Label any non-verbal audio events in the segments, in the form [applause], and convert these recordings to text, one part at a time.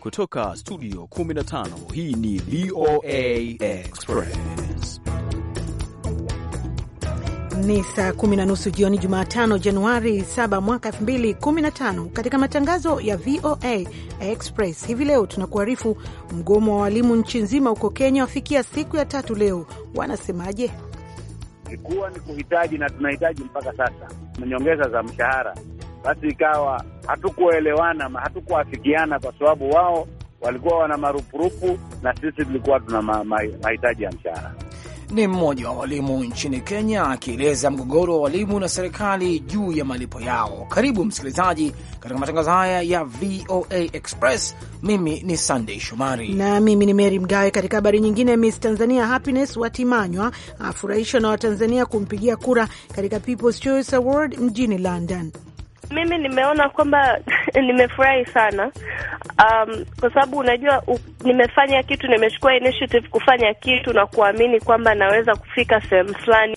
Kutoka studio 15 hii ni VOA Express. Ni saa kumi na nusu jioni Jumatano, Januari 7 mwaka 2015. Katika matangazo ya VOA Express hivi leo tunakuarifu mgomo wa walimu nchi nzima huko Kenya wafikia siku ya tatu leo, wanasemaje? ikuwa ni kuhitaji na tunahitaji mpaka sasa nyongeza za mshahara, basi ikawa hatukuelewana, hatukuafikiana kwa sababu wao walikuwa wana marupurupu na sisi tulikuwa tuna mahitaji ya mshahara. Ni mmoja wa walimu nchini Kenya akieleza mgogoro wa walimu na serikali juu ya malipo yao. Karibu msikilizaji katika matangazo haya ya VOA Express. Mimi ni sandey Shomari na mimi ni Mary Mgawe. Katika habari nyingine, Miss Tanzania Happiness Watimanywa afurahishwa na Watanzania kumpigia kura katika People's Choice Award mjini London. Mimi nimeona kwamba [laughs] nimefurahi sana um, kwa sababu unajua u, nimefanya kitu, nimechukua initiative kufanya kitu na kuamini kwamba naweza kufika sehemu fulani.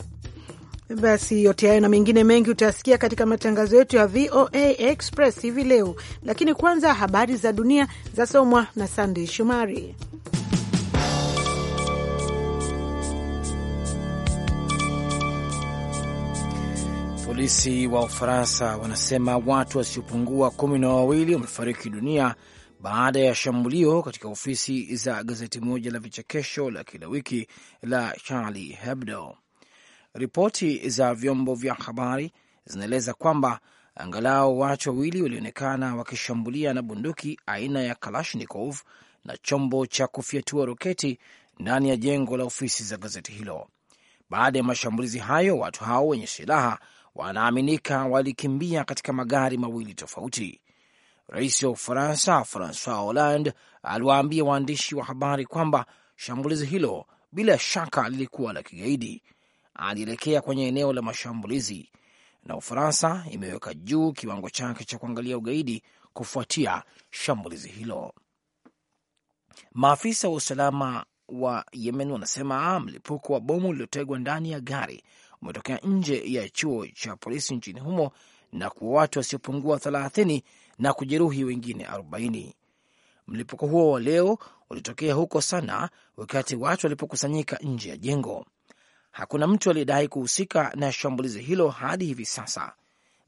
Basi yote hayo na mengine mengi utayasikia katika matangazo yetu ya VOA Express hivi leo, lakini kwanza habari za dunia zasomwa na Sandey Shumari. Polisi wa Ufaransa wanasema watu wasiopungua kumi na wawili wamefariki dunia baada ya shambulio katika ofisi za gazeti moja la vichekesho la kila wiki la Charlie Hebdo. Ripoti za vyombo vya habari zinaeleza kwamba angalau watu wawili walionekana wakishambulia na bunduki aina ya Kalashnikov na chombo cha kufyatua roketi ndani ya jengo la ofisi za gazeti hilo. Baada ya mashambulizi hayo, watu hao wenye silaha wanaaminika walikimbia katika magari mawili tofauti. Rais wa Ufaransa Francois Hollande aliwaambia waandishi wa habari kwamba shambulizi hilo bila shaka lilikuwa la kigaidi. Alielekea kwenye eneo la mashambulizi, na Ufaransa imeweka juu kiwango chake cha kuangalia ugaidi kufuatia shambulizi hilo. Maafisa wa usalama wa Yemen wanasema mlipuko wa bomu uliotegwa ndani ya gari umetokea nje ya chuo cha polisi nchini humo na kuwa watu wasiopungua 30 na kujeruhi wengine 40. Mlipuko huo wa leo ulitokea huko Sana wakati watu walipokusanyika nje ya jengo. Hakuna mtu aliyedai kuhusika na shambulizi hilo hadi hivi sasa.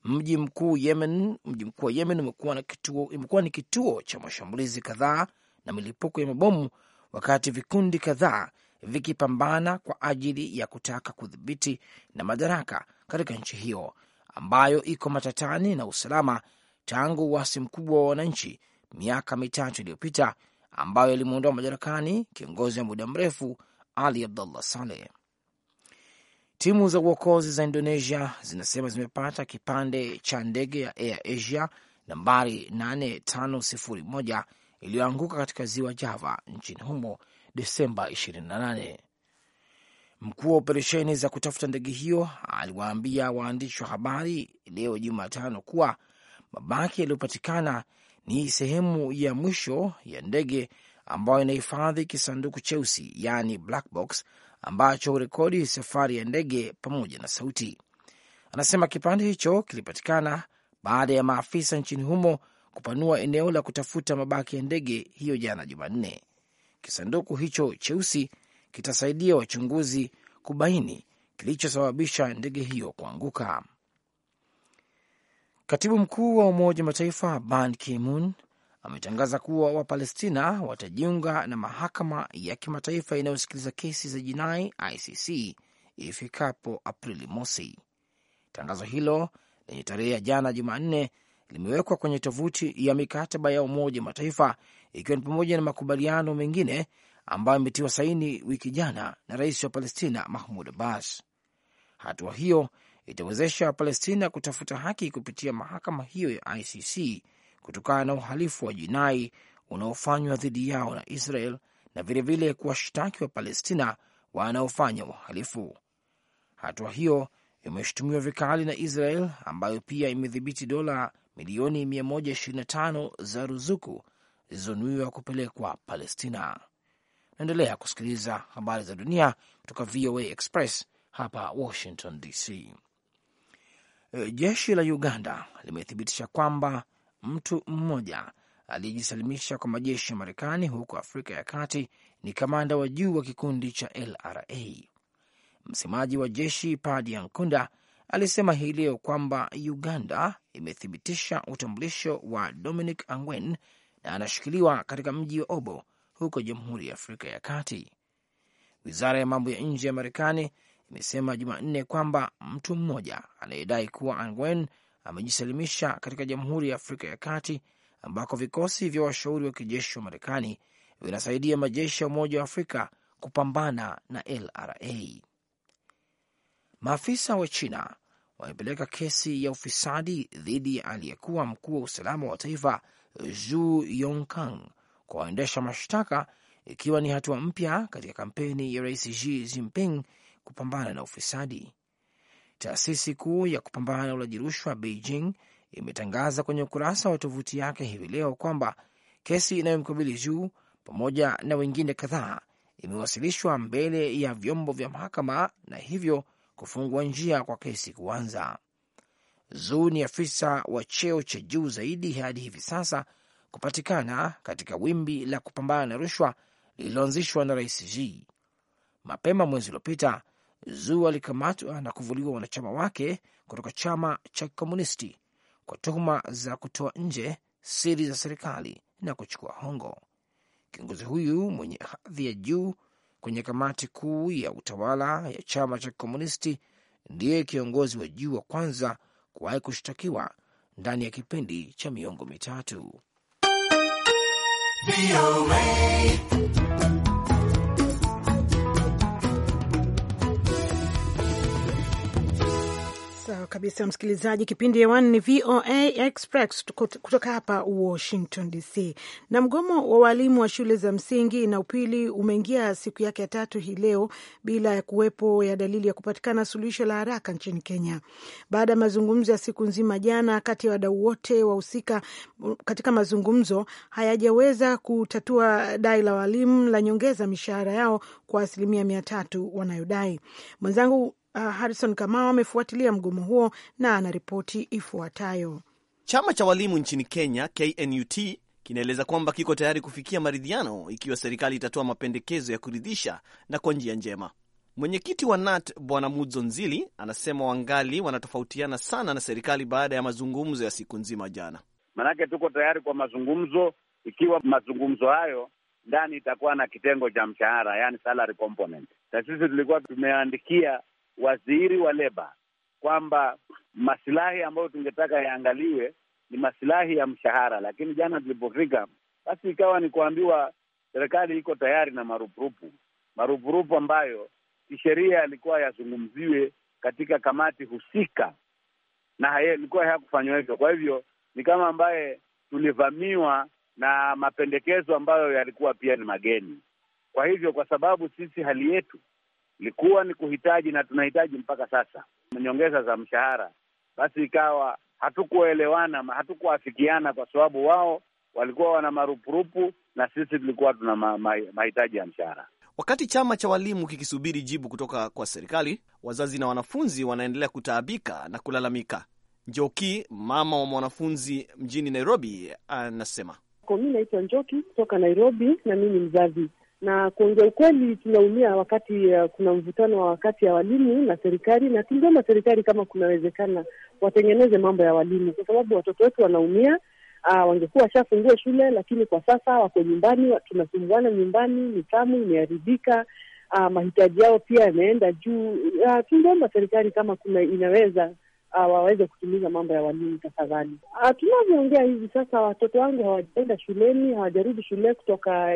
Mji mkuu Yemen, mji mkuu wa Yemen umekuwa na kituo, imekuwa ni kituo cha mashambulizi kadhaa na milipuko ya mabomu, wakati vikundi kadhaa vikipambana kwa ajili ya kutaka kudhibiti na madaraka katika nchi hiyo ambayo iko matatani na usalama tangu uasi mkubwa wa wananchi miaka mitatu iliyopita ambayo ilimwondoa madarakani kiongozi wa muda mrefu Ali Abdullah Saleh. Timu za uokozi za Indonesia zinasema zimepata kipande cha ndege ya Air Asia nambari 8501 iliyoanguka katika ziwa Java nchini humo Desemba 28. Mkuu wa operesheni za kutafuta ndege hiyo aliwaambia waandishi wa habari leo Jumatano kuwa mabaki yaliyopatikana ni sehemu ya mwisho ya ndege ambayo inahifadhi kisanduku cheusi, yaani black box, ambacho hurekodi safari ya ndege pamoja na sauti. Anasema kipande hicho kilipatikana baada ya maafisa nchini humo kupanua eneo la kutafuta mabaki ya ndege hiyo jana Jumanne. Kisanduku hicho cheusi kitasaidia wachunguzi kubaini kilichosababisha ndege hiyo kuanguka. Katibu mkuu wa Umoja wa Mataifa Ban Ki-moon ametangaza kuwa Wapalestina watajiunga na mahakama ya kimataifa inayosikiliza kesi za jinai ICC ifikapo Aprili mosi. Tangazo hilo lenye tarehe ya jana Jumanne limewekwa kwenye tovuti ya mikataba ya Umoja wa Mataifa ikiwa ni pamoja na makubaliano mengine ambayo imetiwa saini wiki jana na rais wa Palestina Mahmud Abbas. Hatua hiyo itawezesha Wapalestina kutafuta haki kupitia mahakama hiyo ya ICC kutokana na uhalifu wa jinai unaofanywa dhidi yao na Israel na vilevile kuwashtaki wa palestina wanaofanya uhalifu. Hatua hiyo imeshutumiwa vikali na Israel ambayo pia imedhibiti dola milioni 125 za ruzuku zilizonuiwa kupelekwa Palestina. Naendelea kusikiliza habari za dunia kutoka VOA Express hapa Washington DC. E, jeshi la Uganda limethibitisha kwamba mtu mmoja aliyejisalimisha kwa majeshi ya Marekani huko Afrika ya Kati ni kamanda wa juu wa kikundi cha LRA. Msemaji wa jeshi Padi Ankunda alisema hii leo kwamba Uganda imethibitisha utambulisho wa Dominic Ongwen na anashikiliwa katika mji wa Obo huko Jamhuri ya Afrika ya Kati. Wizara ya mambo ya nje ya Marekani imesema Jumanne kwamba mtu mmoja anayedai kuwa Angwen amejisalimisha katika Jamhuri ya Afrika ya Kati ambako vikosi vya washauri wa kijeshi wa Marekani vinasaidia majeshi ya Umoja wa Afrika kupambana na LRA. Maafisa wa China wamepeleka kesi ya ufisadi dhidi ya aliyekuwa mkuu wa usalama wa taifa Zhu Yongkang kwa waendesha mashtaka, ikiwa ni hatua mpya katika kampeni ya Rais Xi Jinping kupambana na ufisadi. Taasisi kuu ya kupambana na ulaji rushwa Beijing imetangaza kwenye ukurasa wa tovuti yake hivi leo kwamba kesi inayomkabili Zu pamoja na wengine kadhaa imewasilishwa mbele ya vyombo vya mahakama na hivyo kufungua njia kwa kesi kuanza. Zuu ni afisa wa cheo cha juu zaidi hadi hivi sasa kupatikana katika wimbi la kupambana na rushwa lililoanzishwa na Rais Xi. Mapema mwezi uliopita, Zuu alikamatwa na kuvuliwa wanachama wake kutoka chama cha Kikomunisti kwa tuhuma za kutoa nje siri za serikali na kuchukua hongo. Kiongozi huyu mwenye hadhi ya juu kwenye kamati kuu ya utawala ya chama cha Kikomunisti ndiye kiongozi wa juu wa kwanza kuwahi kushtakiwa ndani ya kipindi cha miongo mitatu. Sawa kabisa, msikilizaji. Kipindi hewani ni VOA Express kutoka hapa Washington DC. Na mgomo wa walimu wa shule za msingi na upili umeingia siku yake ya tatu hii leo bila ya kuwepo ya dalili ya kupatikana suluhisho la haraka nchini Kenya, baada ya mazungumzo ya siku nzima jana kati ya wadau wote wahusika katika mazungumzo hayajaweza kutatua dai la walimu la nyongeza mishahara yao kwa asilimia mia tatu wanayodai. Mwenzangu uh, Harrison Kamao amefuatilia mgomo huo na anaripoti ifuatayo. Chama cha walimu nchini Kenya KNUT kinaeleza kwamba kiko tayari kufikia maridhiano ikiwa serikali itatoa mapendekezo ya kuridhisha na kwa njia njema. Mwenyekiti wa NAT Bwana Mudzo Nzili anasema wangali wanatofautiana sana na serikali baada ya mazungumzo ya siku nzima jana. Manake tuko tayari kwa mazungumzo ikiwa mazungumzo hayo ndani itakuwa na kitengo cha mshahara, yani salary component, na sisi tulikuwa tumeandikia waziri wa leba kwamba masilahi ambayo tungetaka yaangaliwe ni masilahi ya mshahara, lakini jana tulipofika, basi ikawa ni kuambiwa serikali iko tayari na marupurupu, marupurupu ambayo kisheria yalikuwa yazungumziwe katika kamati husika, na ilikuwa hayakufanywa hivyo. Kwa hivyo ni kama ambaye tulivamiwa na mapendekezo ambayo yalikuwa pia ni mageni. Kwa hivyo, kwa sababu sisi hali yetu ilikuwa ni kuhitaji na tunahitaji mpaka sasa nyongeza za mshahara, basi ikawa hatukuelewana, hatukuafikiana kwa sababu wao walikuwa wana marupurupu na sisi tulikuwa tuna ma, ma, mahitaji ya mshahara. Wakati chama cha walimu kikisubiri jibu kutoka kwa serikali, wazazi na wanafunzi wanaendelea kutaabika na kulalamika. Njoki, mama wa mwanafunzi mjini Nairobi, anasema mi naitwa Njoki kutoka Nairobi na mi ni mzazi na kuongea ukweli, tunaumia wakati uh, kuna mvutano wa wakati ya walimu na serikali, na tungeomba serikali kama kunawezekana watengeneze mambo ya walimu, kwa sababu watoto wetu wanaumia. Uh, wangekuwa washafungua shule, lakini kwa sasa wako nyumbani, tunasumbuana nyumbani, nidhamu imeharibika, uh, mahitaji yao pia yameenda juu. Uh, tungeomba serikali kama kuna inaweza uh, waweze kutimiza mambo ya walimu tafadhali. Uh, tunavyoongea hivi sasa watoto wangu hawajaenda shuleni, hawajarudi shule kutoka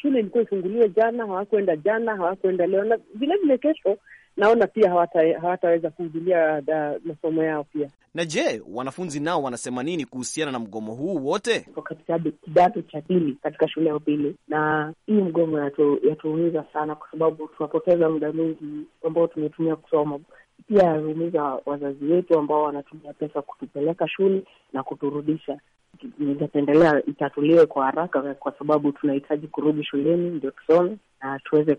shule ilikuwa ifunguliwe jana, hawakuenda jana, hawakuenda leo, na vilevile kesho naona pia hawata, hawataweza kuhudhuria ah, masomo yao pia. Na je, wanafunzi nao wanasema nini kuhusiana na mgomo huu? Wote Iko katika kidato cha pili katika shule ya upili, na hii mgomo yatuumiza sana, kwa sababu tunapoteza muda mwingi ambao tumetumia kusoma pia yaumiza wazazi wetu ambao wanatumia pesa kutupeleka shule na kuturudisha. Ningependelea itatuliwe kwa haraka, kwa sababu tunahitaji kurudi shuleni ndio tusome na tuweze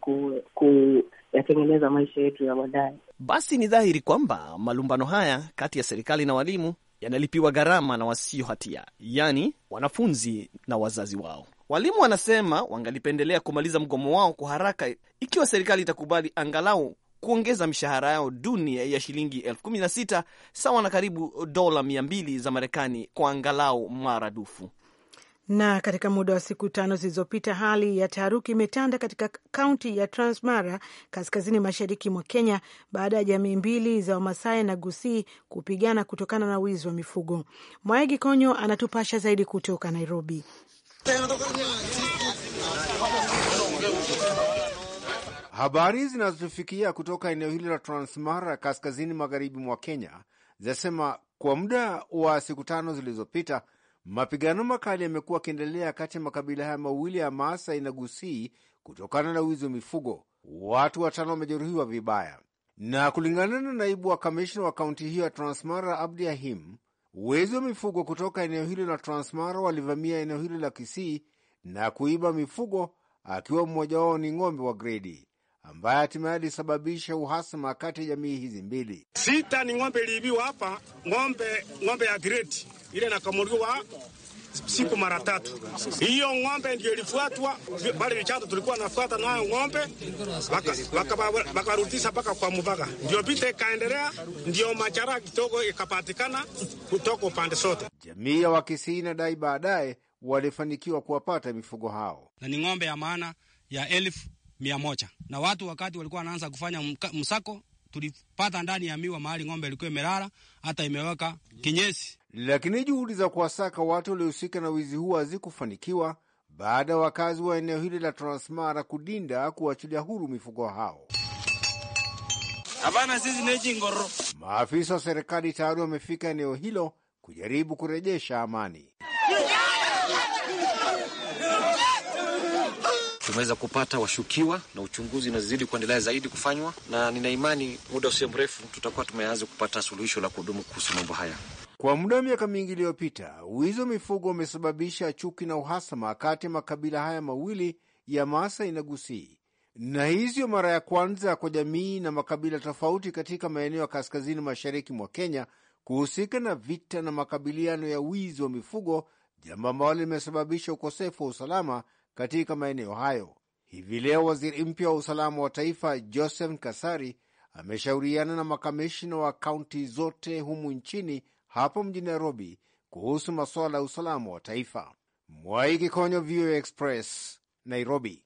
kuyatengeneza ku, maisha yetu ya baadaye. Basi ni dhahiri kwamba malumbano haya kati ya serikali na walimu yanalipiwa gharama na wasio hatia, yaani wanafunzi na wazazi wao. Walimu wanasema wangalipendelea kumaliza mgomo wao kwa haraka ikiwa serikali itakubali angalau kuongeza mishahara yao duni ya shilingi elfu kumi na sita sawa na karibu dola mia mbili za Marekani kwa angalau mara dufu Na katika muda wa siku tano zilizopita, hali ya taharuki imetanda katika kaunti ya Transmara kaskazini mashariki mwa Kenya baada ya jamii mbili za Wamasai na Gusii kupigana kutokana na wizi wa mifugo. Mwaegi Konyo anatupasha zaidi kutoka Nairobi. Habari zinazotufikia kutoka eneo hili la Transmara, kaskazini magharibi mwa Kenya, zinasema kwa muda wa siku tano zilizopita mapigano makali yamekuwa yakiendelea kati ya makabila haya mawili ya Maasai na Gusii kutokana na wizi wa mifugo. Watu watano wamejeruhiwa vibaya, na kulingana na naibu wa kamishna wa kaunti hiyo ya Transmara, Abdi Ahim, wezi wa mifugo kutoka eneo hilo la Transmara walivamia eneo hilo la Kisii na kuiba mifugo, akiwa mmoja wao ni ng'ombe wa gredi ambaye hatimaye alisababisha uhasama kati ya jamii hizi mbili. Sita ni ng'ombe iliibiwa hapa, ng'ombe ng'ombe ya greti ile nakamuliwa siku mara tatu. Hiyo ng'ombe ndio ilifuatwa bali vichato, tulikuwa nafuata nayo ng'ombe, wakarutisa mpaka kwa Mubaga, ndio vita ikaendelea, ndio machara kidogo ikapatikana kutoka upande sote. Jamii ya Wakisii inadai baadaye walifanikiwa kuwapata mifugo hao, na ni ng'ombe ya maana ya elfu mia moja na watu wakati walikuwa wanaanza kufanya msako, tulipata ndani ya miwa mahali ng'ombe ilikuwa imelala hata imeweka kinyesi. Lakini juhudi za kuwasaka watu waliohusika na wizi huo hazikufanikiwa baada ya wakazi wa eneo hili la Transmara kudinda kuachilia huru mifugo hao. Hapana, sisi ngoro. Maafisa wa serikali tayari wamefika eneo hilo kujaribu kurejesha amani. tumeweza kupata washukiwa na uchunguzi unazidi kuendelea zaidi kufanywa, na nina imani muda usio mrefu tutakuwa tumeanza kupata suluhisho la kudumu kuhusu mambo haya. Kwa muda wa miaka mingi iliyopita, wizi wa mifugo umesababisha chuki na uhasama kati ya makabila haya mawili ya Maasai na Gusii, na hizo mara ya kwanza kwa jamii na makabila tofauti katika maeneo ya kaskazini mashariki mwa Kenya kuhusika na vita na makabiliano ya wizi wa mifugo, jambo ambalo limesababisha ukosefu wa usalama katika maeneo hayo. Hivi leo waziri mpya wa usalama wa taifa Joseph Kasari ameshauriana na makamishina wa kaunti zote humu nchini hapo mjini Nairobi kuhusu masuala ya usalama wa taifa. Mwai Kikonyo, VOA Express, Nairobi.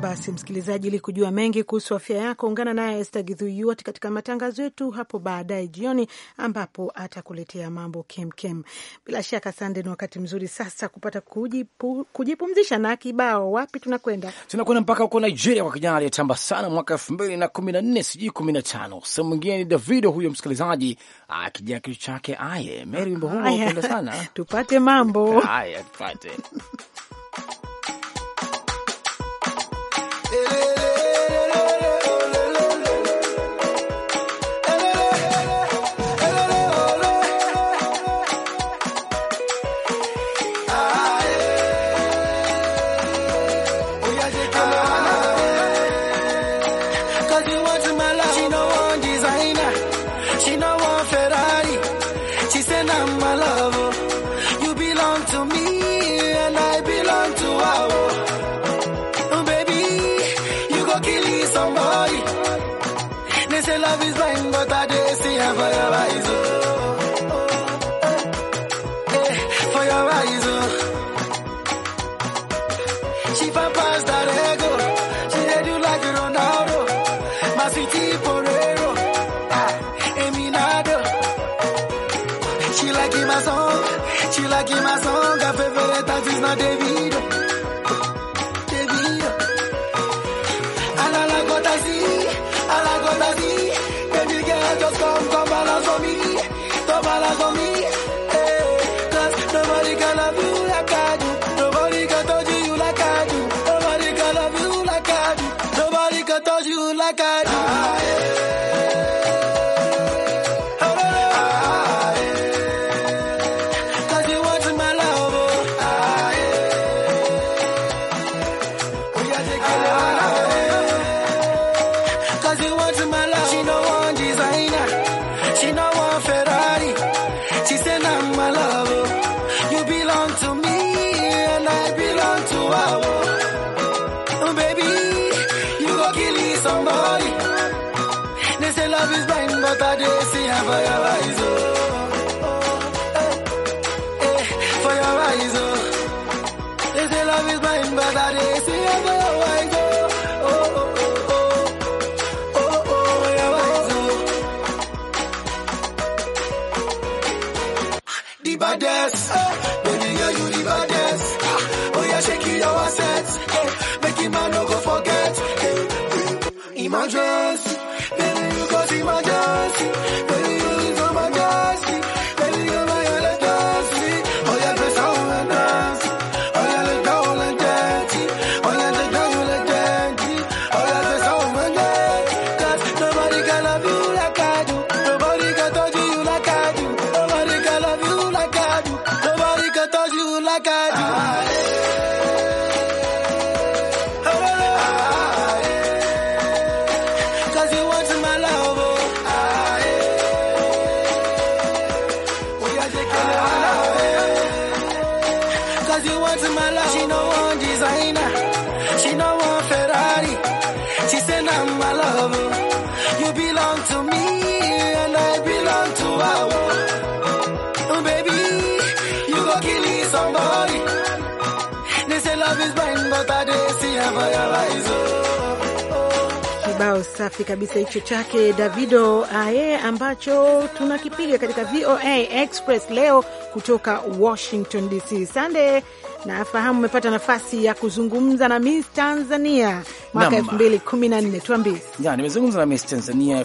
Basi msikilizaji, ili kujua mengi kuhusu afya yako, ungana naye Esther Githui katika matangazo yetu hapo baadaye jioni, ambapo atakuletea mambo kemkem. Bila shaka, Sande, ni wakati mzuri sasa kupata kujipu, kujipumzisha na kibao. Wapi tunakwenda? Tunakwenda mpaka huko Nigeria kwa kijana aliyetamba sana mwaka elfu mbili na kumi na nne sijui kumi na tano. Sehemu mwingine ni Davido huyo, msikilizaji akijaa kitu chake aye meri, wimbo huo upenda sana tupate mambo aya tupate [laughs] the baddest. Hey, baby girl, you the baddest. Ah, oh yeah, shake it your assets. Hey, eh, make him man no go forget. Hey, eh, hey. Imagine. Kibao safi kabisa hicho chake Davido Aye ambacho tunakipiga katika VOA Express leo kutoka Washington DC. Sande, nafahamu umepata nafasi ya kuzungumza na Miss Tanzania mwaka nne. tuambie. Nimezungumza na Miss Tanzania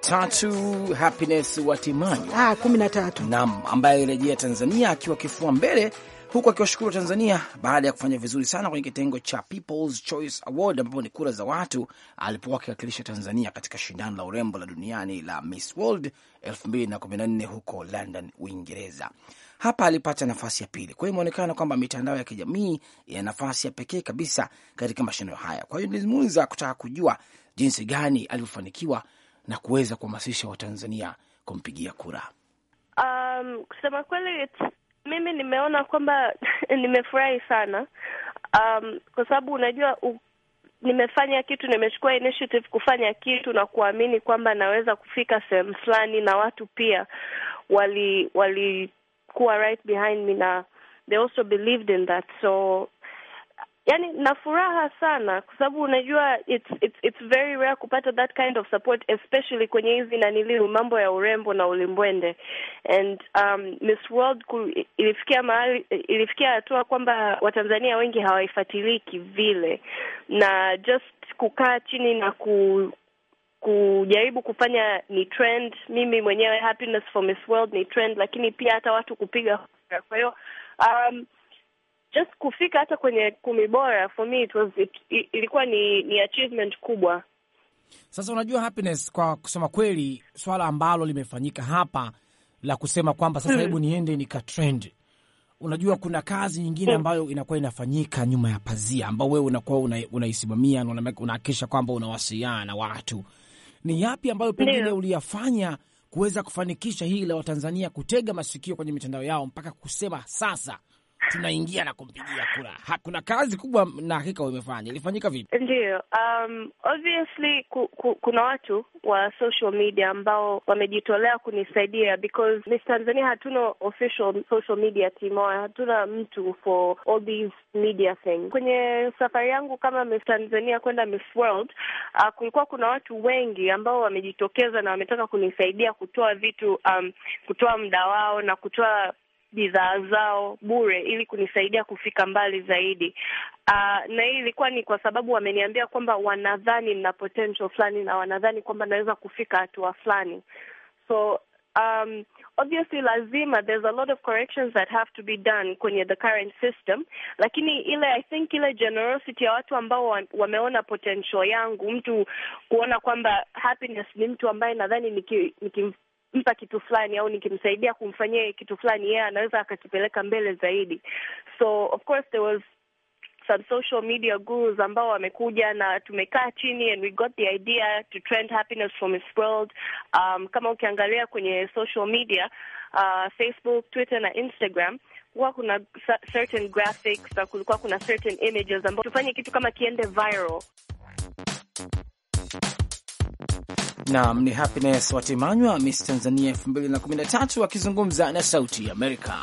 tatu Happiness Watimanyi, ah, na tatu nam, ambaye alirejea Tanzania akiwa kifua mbele huku akiwashukuru Tanzania baada ya kufanya vizuri sana kwenye kitengo cha People's Choice Award ambapo ni kura za watu, alipokuwa akiwakilisha Tanzania katika shindano la urembo la duniani la Miss World 2014 huko London, Uingereza. Hapa alipata nafasi ya pili. Kwa hiyo imeonekana kwamba mitandao ya kijamii ina nafasi ya pekee kabisa katika mashindano haya. Kwa hiyo nilizungumza kutaka kujua jinsi gani alivyofanikiwa na kuweza kuhamasisha Watanzania kumpigia kura. Um, kusema kweli mimi nimeona kwamba [laughs] nimefurahi sana um, kwa sababu unajua u, nimefanya kitu, nimechukua initiative kufanya kitu na kuamini kwamba naweza kufika sehemu fulani, na watu pia wali walikuwa right behind me na they also believed in that so yani na furaha sana kwa sababu unajua it's, it's, it's very rare kupata that kind of support especially kwenye hizi naniliu mambo ya urembo na ulimbwende and um, Miss World ilifikia mahali, ilifikia hatua kwamba Watanzania wengi hawaifatiliki vile, na just kukaa chini na ku kujaribu kufanya ni trend. Mimi mwenyewe Happiness for Miss World ni trend, lakini pia hata watu kupiga kwa hiyo um, just kufika hata kwenye kumi bora for me it was it, ilikuwa ni, ni achievement kubwa. Sasa unajua, Happiness, kwa kusema kweli, swala ambalo limefanyika hapa la kusema kwamba sasa hmm. hebu mm, niende nika trend Unajua, kuna kazi nyingine hmm. ambayo inakuwa inafanyika nyuma ya pazia, ambao wewe unakuwa unaisimamia una unahakikisha kwamba unawasiliana na watu. Ni yapi ambayo pengine uliyafanya kuweza kufanikisha hii la Watanzania kutega masikio kwenye mitandao yao mpaka kusema sasa tunaingia na kumpigia kura. kuna kazi kubwa na hakika umefanya. Ilifanyika vipi? ndio um, obviously ku, ku, kuna watu wa social media ambao wamejitolea kunisaidia because Miss Tanzania hatuna official social media team, hatuna mtu for all these media thing. Kwenye safari yangu kama Miss Tanzania kwenda Miss World, uh, kulikuwa kuna watu wengi ambao wamejitokeza na wametaka kunisaidia kutoa vitu um, kutoa muda wao na kutoa bidhaa zao bure ili kunisaidia kufika mbali zaidi. Uh, na hii ilikuwa ni kwa sababu wameniambia kwamba wanadhani nina potential fulani na wanadhani kwamba naweza kufika hatua fulani. So um, obviously lazima there's a lot of corrections that have to be done kwenye the current system, lakini ile I think ile generosity ya watu ambao wameona potential yangu, mtu kuona kwamba happiness ni mtu ambaye nadhani niki, niki nikimpa kitu fulani au nikimsaidia kumfanyia kitu fulani, yeye yeah, anaweza akakipeleka mbele zaidi. So of course there was some social media gurus ambao wamekuja na tumekaa chini and we got the idea to trend happiness from its world. Um, kama ukiangalia kwenye social media uh, Facebook, Twitter na Instagram kulikuwa kuna certain graphics na kulikuwa kuna certain images ambao tufanye kitu kama kiende viral. Nam ni Happiness Watimanywa, Miss Tanzania 2013 akizungumza na Sauti Amerika.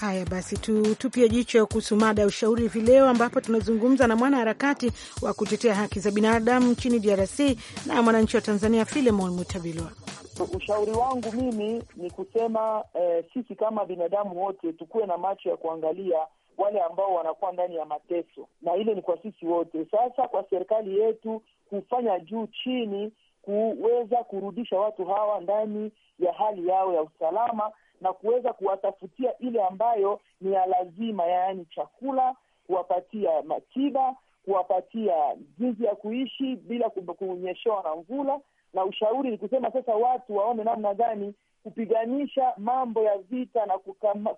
Haya basi, tutupie jicho kuhusu mada ya ushauri hivi leo, ambapo tunazungumza na mwanaharakati wa kutetea haki za binadamu nchini DRC na mwananchi wa Tanzania Filemon Mutabilwa. Ushauri wangu mimi ni kusema eh, sisi kama binadamu wote tukuwe na macho ya kuangalia wale ambao wanakuwa ndani ya mateso, na ile ni kwa sisi wote. Sasa kwa serikali yetu kufanya juu chini kuweza kurudisha watu hawa ndani ya hali yao ya usalama na kuweza kuwatafutia ile ambayo ni ya lazima, yaani chakula, kuwapatia matiba, kuwapatia jinsi ya kuishi bila kunyeshewa na mvula. Na ushauri ni kusema sasa watu waone namna gani kupiganisha mambo ya vita na kukama,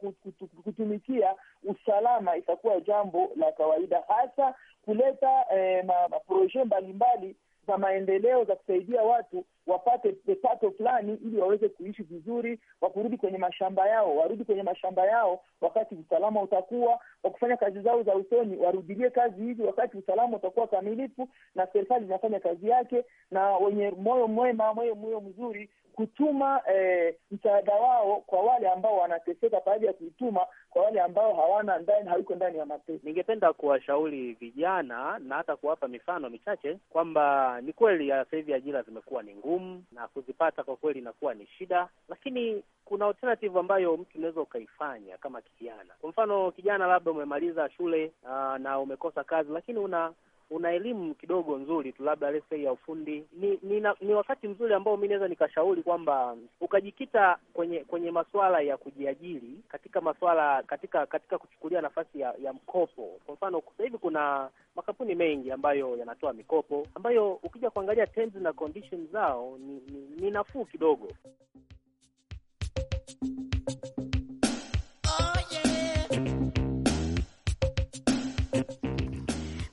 kutumikia usalama itakuwa jambo la kawaida, hasa kuleta eh, maproje mbalimbali za maendeleo za kusaidia watu wapate pato fulani ili waweze kuishi vizuri, wakurudi kwenye mashamba yao, warudi kwenye mashamba yao wakati usalama utakuwa wa kufanya kazi zao za usoni, warudilie kazi hizi wakati usalama utakuwa kamilifu, na serikali inafanya kazi yake, na wenye moyo mwema, moyo moyo mzuri kutuma eh, msaada wao kwa wale ambao wanateseka, baada ya kuituma kwa wale ambao hawana ndani, hawiko ndani ya mateso. Ningependa kuwashauri vijana na hata kuwapa mifano michache kwamba ni kweli sasa hivi ajira zimekuwa ni ngumu na kuzipata kwa kweli inakuwa ni shida, lakini kuna alternative ambayo mtu unaweza ukaifanya kama kijana. Kwa mfano, kijana labda umemaliza shule aa, ah, na umekosa kazi, lakini una una elimu kidogo nzuri tu labda let's ya ufundi, ni, ni, na, ni wakati mzuri ambao mi naweza nikashauri kwamba ukajikita kwenye kwenye masuala ya kujiajiri katika masuala katika katika kuchukulia nafasi ya, ya mkopo. Kwa mfano sasa hivi kuna makampuni mengi ambayo yanatoa mikopo ambayo ukija kuangalia terms na conditions zao ni, ni, ni nafuu kidogo.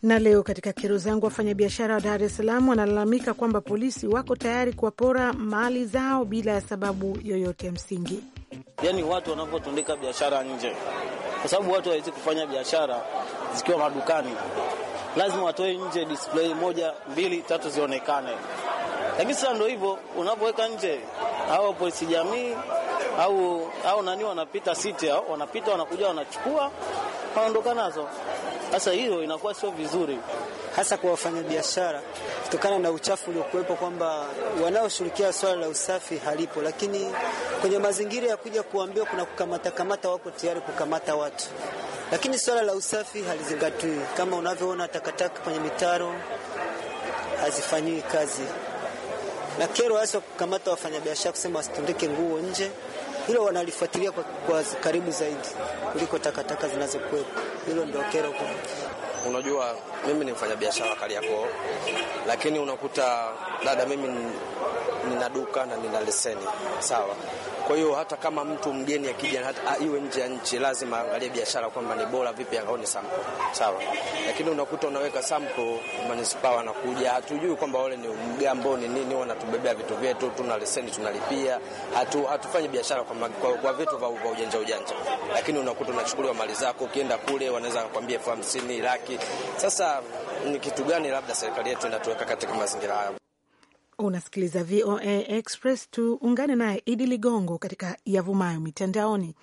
Na leo katika kero zangu, wafanyabiashara wa Dar es Salaam wanalalamika kwamba polisi wako tayari kuwapora mali zao bila ya sababu yoyote ya msingi. Yaani watu wanavyotundika biashara nje, kwa sababu watu hawawezi kufanya biashara zikiwa madukani, lazima watoe nje display moja, mbili, tatu zionekane. Lakini sasa ndo hivyo, unapoweka nje au polisi jamii au, au nani wanapita siti, wanapita wanakuja wanachukua wanaondoka nazo. Sasa hiyo inakuwa sio vizuri, hasa kwa wafanyabiashara, kutokana na uchafu uliokuwepo, kwamba wanaoshughulikia swala la usafi halipo, lakini kwenye mazingira ya kuja kuambiwa kuna kukamata kamata, wako tayari kukamata watu, lakini swala la usafi halizingatiwi. Kama unavyoona takataka kwenye mitaro hazifanyiwi kazi, na kero hasa kukamata wafanyabiashara kusema wasitundike nguo nje, hilo wanalifuatilia kwa, kwa karibu zaidi kuliko takataka zinazokuwepo. Hilo ndio kero kubwa. Unajua, mimi ni mfanyabiashara Kariakoo, lakini unakuta dada, mimi nina duka na nina leseni sawa kwa hiyo hata kama mtu mgeni akija ah, iwe nje ya nchi, lazima angalie biashara kwamba ni bora vipi, akaone sample sawa. Lakini unakuta unaweka sample, manispaa anakuja, hatujui kwamba wale ni mgambo ni nini, wanatubebea vitu vyetu, tuna leseni tunalipia, hatu, hatufanyi biashara kwa, kwa, kwa vitu vya ujanja ujanja. Lakini unakuta unachukuliwa mali zako, ukienda kule wanaweza kukwambia elfu hamsini laki. Sasa ni kitu gani labda serikali yetu inatuweka katika mazingira hayo? Unasikiliza VOA Express, tuungane naye Idi Ligongo katika yavumayo mitandaoni.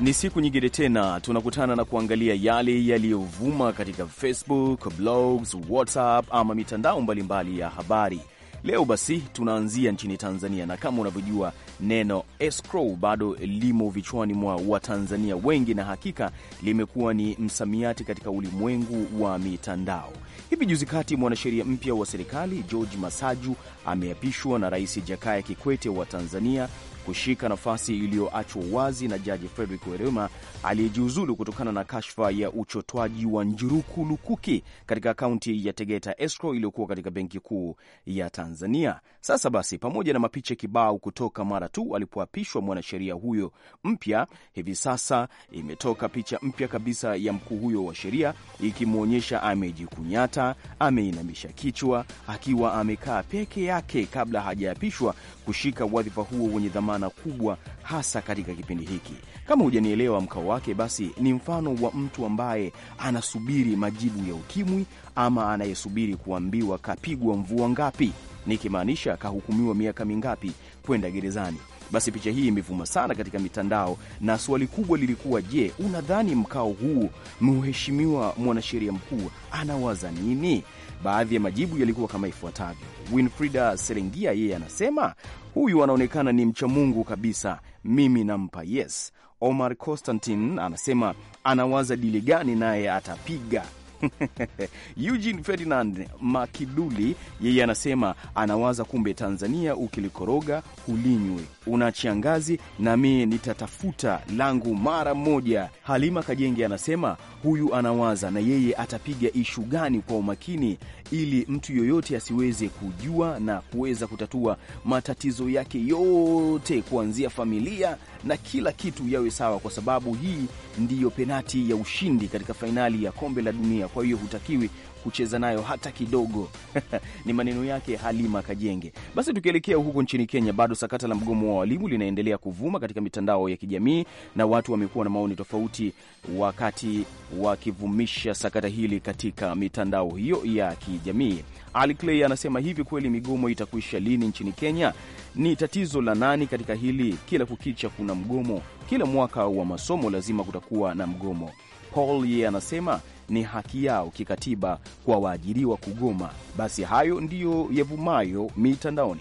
Ni siku nyingine tena tunakutana na kuangalia yale yaliyovuma katika Facebook, blogs, WhatsApp ama mitandao mbalimbali mbali ya habari. Leo basi tunaanzia nchini Tanzania, na kama unavyojua neno escrow bado limo vichwani mwa Watanzania wengi, na hakika limekuwa ni msamiati katika ulimwengu wa mitandao. Hivi juzi kati, mwanasheria mpya wa serikali George Masaju ameapishwa na Rais Jakaya Kikwete wa Tanzania kushika nafasi iliyoachwa wazi na Jaji Frederick Werema aliyejiuzulu kutokana na kashfa ya uchotwaji wa njuruku lukuki katika kaunti ya Tegeta Escrow iliyokuwa katika Benki Kuu ya Tanzania. Sasa basi, pamoja na mapicha kibao kutoka mara tu alipoapishwa mwanasheria huyo mpya, hivi sasa imetoka picha mpya kabisa ya mkuu huyo wa sheria ikimwonyesha amejikunyata, ameinamisha kichwa akiwa amekaa peke yake kabla hajaapishwa kushika wadhifa huo wenye dhamana maana kubwa, hasa katika kipindi hiki. Kama hujanielewa mkao wake, basi ni mfano wa mtu ambaye anasubiri majibu ya ukimwi ama anayesubiri kuambiwa kapigwa mvua ngapi, nikimaanisha kahukumiwa miaka mingapi kwenda gerezani. Basi picha hii imevuma sana katika mitandao, na swali kubwa lilikuwa je, unadhani mkao huu mheshimiwa mwanasheria mkuu anawaza nini? Baadhi ya majibu yalikuwa kama ifuatavyo. Winfrida Serengia yeye anasema huyu anaonekana ni mchamungu kabisa, mimi nampa yes. Omar Constantin anasema anawaza dili gani naye atapiga [laughs] Eugene Ferdinand Makiduli yeye anasema anawaza, kumbe Tanzania ukilikoroga hulinywi, unachiangazi changazi na nitatafuta langu mara moja. Halima Kajenge anasema huyu anawaza na yeye atapiga ishu gani kwa umakini, ili mtu yoyote asiweze kujua na kuweza kutatua matatizo yake yote, kuanzia familia na kila kitu yawe sawa, kwa sababu hii ndiyo penati ya ushindi katika fainali ya kombe la dunia, kwa hiyo hutakiwi kucheza nayo hata kidogo. [laughs] Ni maneno yake Halima Kajenge. Basi tukielekea huko nchini Kenya, bado sakata la mgomo wa walimu linaendelea kuvuma katika mitandao ya kijamii, na watu wamekuwa na maoni tofauti wakati wakivumisha sakata hili katika mitandao hiyo ya kijamii. Ali Clay anasema hivi, kweli migomo itakuisha lini nchini Kenya? ni tatizo la nani katika hili? Kila kukicha kuna mgomo, kila mwaka wa masomo lazima kutakuwa na mgomo. Paul yeye anasema ni haki yao kikatiba kwa waajiriwa kugoma. Basi hayo ndiyo yavumayo mitandaoni.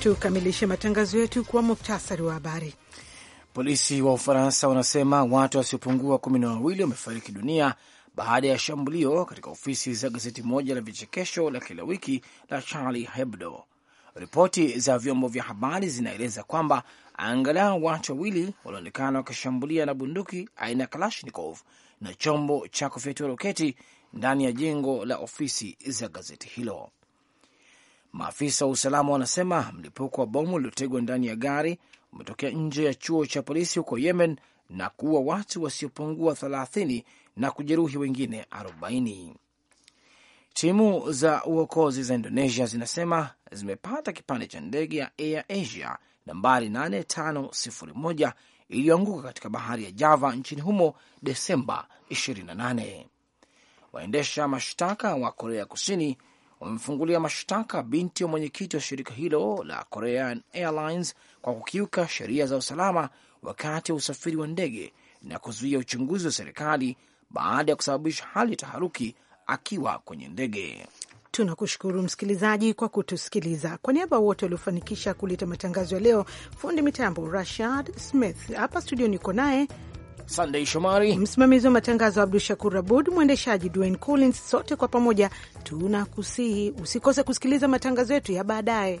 Tukamilishe matangazo yetu kwa muktasari wa habari. Polisi wa Ufaransa wanasema watu wasiopungua kumi na wawili wamefariki dunia baada ya shambulio katika ofisi za gazeti moja la vichekesho la kila wiki la Charlie Hebdo. Ripoti za vyombo vya habari zinaeleza kwamba angalau watu wawili walionekana wakishambulia na bunduki aina ya Kalashnikov na chombo cha kufyatua roketi ndani ya jengo la ofisi za gazeti hilo. Maafisa wa usalama wanasema mlipuko wa bomu uliotegwa ndani ya gari umetokea nje ya chuo cha polisi huko Yemen na kuua watu wasiopungua thelathini na kujeruhi wengine 40. Timu za uokozi za Indonesia zinasema zimepata kipande cha ndege ya Air Asia nambari 8501 iliyoanguka katika bahari ya Java nchini humo Desemba 28. Waendesha mashtaka wa Korea Kusini wamemfungulia mashtaka binti wa mwenyekiti wa shirika hilo la Korean Airlines kwa kukiuka sheria za usalama wakati wa usafiri wa ndege na kuzuia uchunguzi wa serikali baada ya kusababisha hali ya taharuki akiwa kwenye ndege. Tunakushukuru msikilizaji kwa kutusikiliza. Kwa niaba wote waliofanikisha kuleta matangazo ya leo, fundi mitambo Rashad Smith, hapa studio niko naye Sandei Shomari, msimamizi wa matangazo Abdu Shakur Abud, mwendeshaji Dwayne Collins. Sote kwa pamoja tunakusihi usikose kusikiliza matangazo yetu ya baadaye.